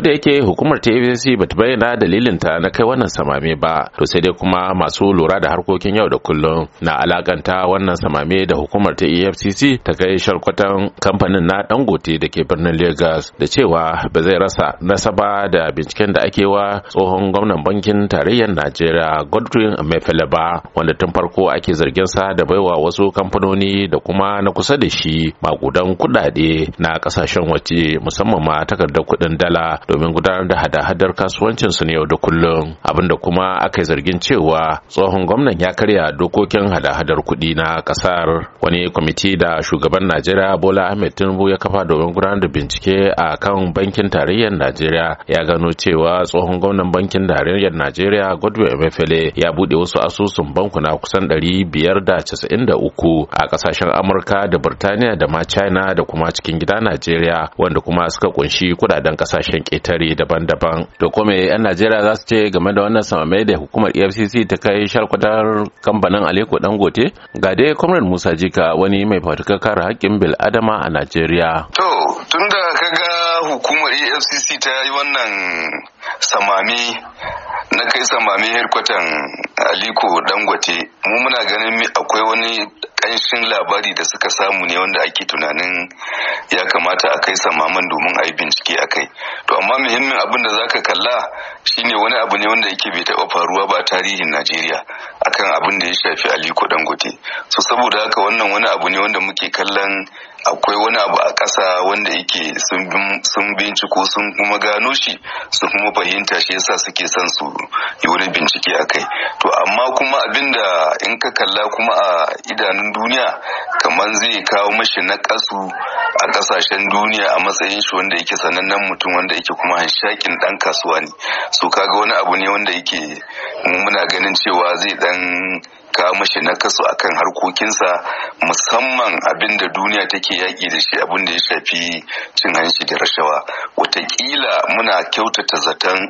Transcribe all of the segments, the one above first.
ko da yake hukumar ta efcc ba ta bayyana dalilin ta na kai wannan samame ba to sai dai kuma masu lura da harkokin yau da kullum na alakanta wannan samame da hukumar ta efcc ta kai sharkwatan kamfanin na dangote da ke birnin lagos da cewa ba zai rasa nasaba da binciken da ake wa tsohon gwamnan bankin tarayyar najeriya godwin amefele ba wanda tun farko ake zargin sa da baiwa wasu kamfanoni da kuma na kusa da shi makudan kudade na kasashen waje musamman ma takardar kudin dala domin gudanar da hada-hadar kasuwancin su ne yau da kullum abinda kuma aka zargin cewa tsohon gwamnan ya karya dokokin hada-hadar kuɗi na ƙasar wani kwamiti da shugaban najeriya bola ahmed tinubu ya kafa domin gudanar da bincike a kan bankin tarayyar najeriya ya gano cewa tsohon gwamnan bankin tarayyar najeriya godwin emefiele ya buɗe wasu asusun bankuna kusan ɗari biyar da casa'in da uku a ƙasashen amurka da birtaniya da ma china da kuma cikin gida najeriya wanda kuma suka kunshi kudaden ƙasashen ƙetare daban-daban to kuma yan najeriya za su ce game da wannan samame da hukumar efcc ta kai sharkwatar kamfanin aliko dangote ga dai comrade musa jika wani mai fafutukar kare haƙƙin bil'adama a najeriya to tun da kaga hukumar efcc ta yi wannan samami na kai samami herkwatan aliko dangote mu muna ganin akwai wani kanshin labari da suka samu ne wanda ake tunanin ya kamata a kai samaman domin a yi bincike a kai to amma muhimmin abin da zaka kalla shine wani abu ne wanda yake bai taɓa faruwa ba tarihin najeriya akan abin da ya shafi aliko dangote so saboda haka wannan wani abu ne wanda muke kallon akwai wani abu a ƙasa wanda yake sun binciko sun kuma gano shi su kuma fahimta shi yasa suke son su yi wani bincike a kai to amma kuma abinda in ka kalla kuma a idanun duniya kamar zai kawo mashi na ƙasu a ƙasashen duniya a matsayin shi wanda yake sanannen mutum wanda yake kuma hanshakin ɗan kasuwa ne so kaga wani abu ne wanda yake muna ganin cewa zai dan. kawo mashi na akan harkokinsa musamman abin da duniya take yaƙi da shi abin da ya shafi cin hanci da rashawa wataƙila muna kyautata zaton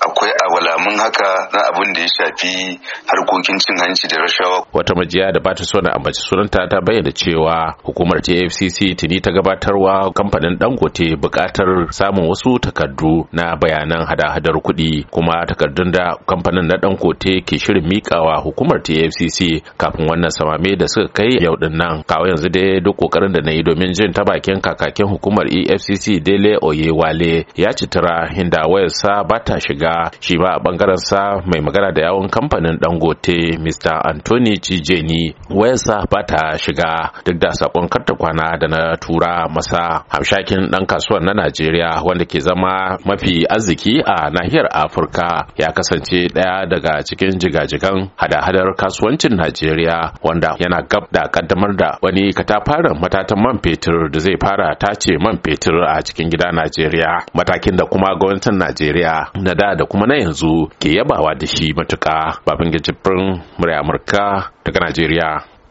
akwai awalamin haka na abin da ya shafi harkokin cin hanci da rashawa. Wata majiya da ba ta so na ambaci sunanta ta bayyana cewa hukumar TFCC tuni ta gabatarwa kamfanin Dangote bukatar samun wasu takardu na bayanan hada-hadar kuɗi kuma takardun da kamfanin na Dangote ke shirin miƙawa hukumar tfc ncc kafin wannan samame da suka kai yau din nan kawo yanzu dai duk kokarin da na domin jin ta bakin kakakin hukumar efcc dele oyewale ya citara inda wayarsa ba ta shiga shi ma a bangaren sa mai magana da yawon kamfanin dangote mr anthony cijeni wayarsa ba ta shiga duk da sakon karta kwana da na tura masa hamshakin dan kasuwar na najeriya wanda ke zama mafi arziki a nahiyar afirka ya kasance daya daga cikin jigajigan hada-hadar kasuwanci kudancin Najeriya wanda yana gab da kaddamar da wani katafaren matatan man fetur da zai fara tace man fetur a cikin gida Najeriya matakin da kuma gwamnatin Najeriya na da da kuma na yanzu ke yabawa da shi matuka babin gajibin murya Amurka daga Najeriya.